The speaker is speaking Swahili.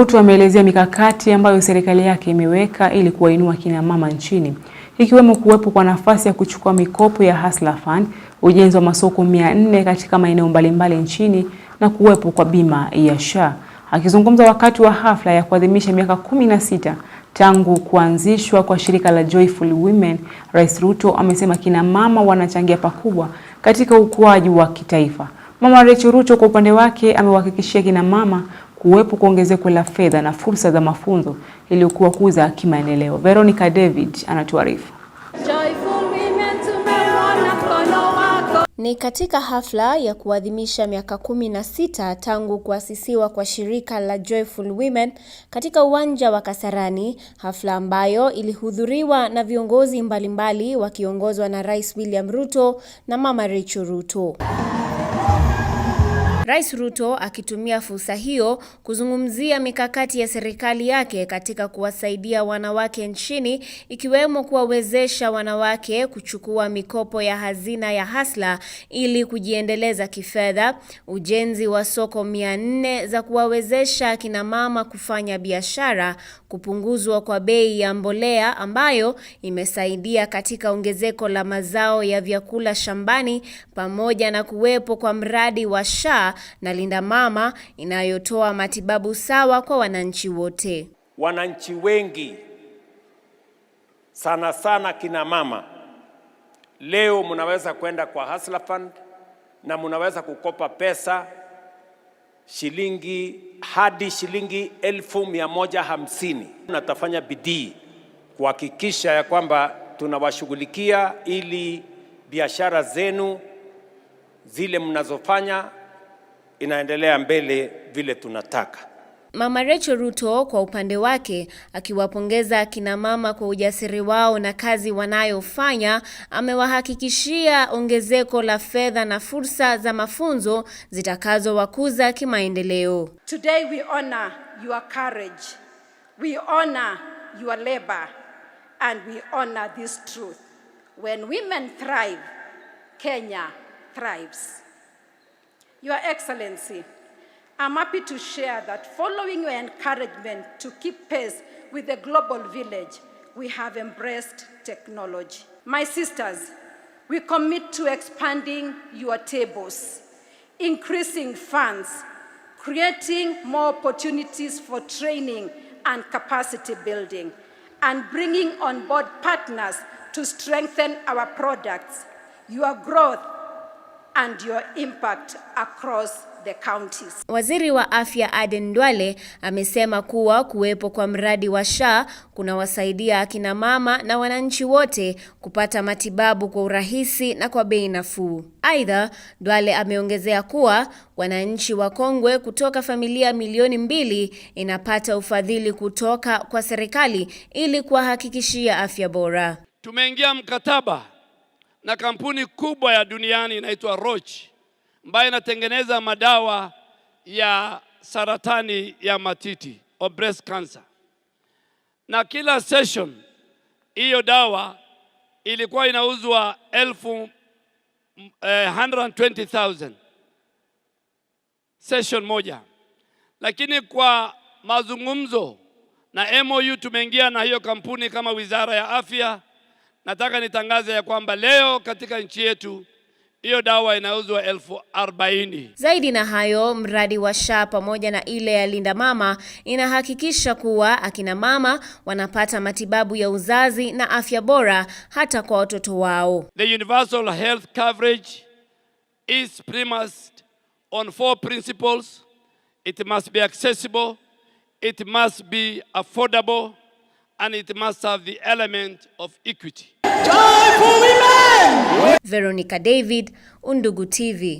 Ruto ameelezea mikakati ambayo serikali yake imeweka ili kuwainua kina mama nchini, ikiwemo kuwepo kwa nafasi ya kuchukua mikopo ya Hustler Fund, ujenzi wa masoko 400 katika maeneo mbalimbali nchini na kuwepo kwa bima ya SHA. Akizungumza wakati wa hafla ya kuadhimisha miaka 16 tangu kuanzishwa kwa shirika la Joyful Women, Rais Ruto amesema kina mama wanachangia pakubwa katika ukuaji wa kitaifa. Mama Rachel Ruto kwa upande wake amewahakikishia kina mama kuwepo kuongezeko la fedha na fursa za mafunzo ili kuwakuza kimaendeleo. Veronica David anatuarifu. Ni katika hafla ya kuadhimisha miaka kumi na sita tangu kuasisiwa kwa shirika la Joyful Women katika uwanja wa Kasarani, hafla ambayo ilihudhuriwa na viongozi mbalimbali wakiongozwa na Rais William Ruto na Mama Rachel Ruto. Rais Ruto akitumia fursa hiyo kuzungumzia mikakati ya serikali yake katika kuwasaidia wanawake nchini ikiwemo kuwawezesha wanawake kuchukua mikopo ya hazina ya Hasla ili kujiendeleza kifedha, ujenzi wa soko mia nne za kuwawezesha akina mama kufanya biashara, kupunguzwa kwa bei ya mbolea ambayo imesaidia katika ongezeko la mazao ya vyakula shambani pamoja na kuwepo kwa mradi wa SHA na Linda Mama inayotoa matibabu sawa kwa wananchi wote. Wananchi wengi sana sana kina mama leo mnaweza kwenda kwa Hustler Fund na mnaweza kukopa pesa shilingi hadi shilingi elfu mia moja hamsini. Natafanya bidii kuhakikisha ya kwamba tunawashughulikia ili biashara zenu zile mnazofanya inaendelea mbele vile tunataka. Mama Rachel Ruto kwa upande wake akiwapongeza akina mama kwa ujasiri wao na kazi wanayofanya, amewahakikishia ongezeko la fedha na fursa za mafunzo zitakazowakuza kimaendeleo. Today we honor your courage. We honor your labor and we honor this truth. When women thrive, Kenya thrives. Your Excellency, I'm happy to share that following your encouragement to keep pace with the global village, we have embraced technology. My sisters, we commit to expanding your tables, increasing funds, creating more opportunities for training and capacity building, and bringing on board partners to strengthen our products. Your growth and your impact across the counties. Waziri wa Afya Aden Duale amesema kuwa kuwepo kwa mradi wa SHA kunawasaidia akina mama na wananchi wote kupata matibabu kwa urahisi na kwa bei nafuu. Aidha, Duale ameongezea kuwa wananchi wakongwe kutoka familia milioni mbili inapata ufadhili kutoka kwa serikali ili kuwahakikishia afya bora. Tumeingia mkataba na kampuni kubwa ya duniani inaitwa Roche ambayo inatengeneza madawa ya saratani ya matiti au breast cancer, na kila session hiyo dawa ilikuwa inauzwa elfu 120,000 eh, session moja, lakini kwa mazungumzo na MOU tumeingia na hiyo kampuni kama Wizara ya Afya nataka nitangaze ya kwamba leo katika nchi yetu hiyo dawa inauzwa elfu arobaini. Zaidi na hayo, mradi wa SHA pamoja na ile ya Linda Mama inahakikisha kuwa akina mama wanapata matibabu ya uzazi na afya bora hata kwa watoto wao. The universal health coverage is premised on four principles. It must be accessible, it must be affordable and it must have the element of equity. Veronica David, Undugu TV.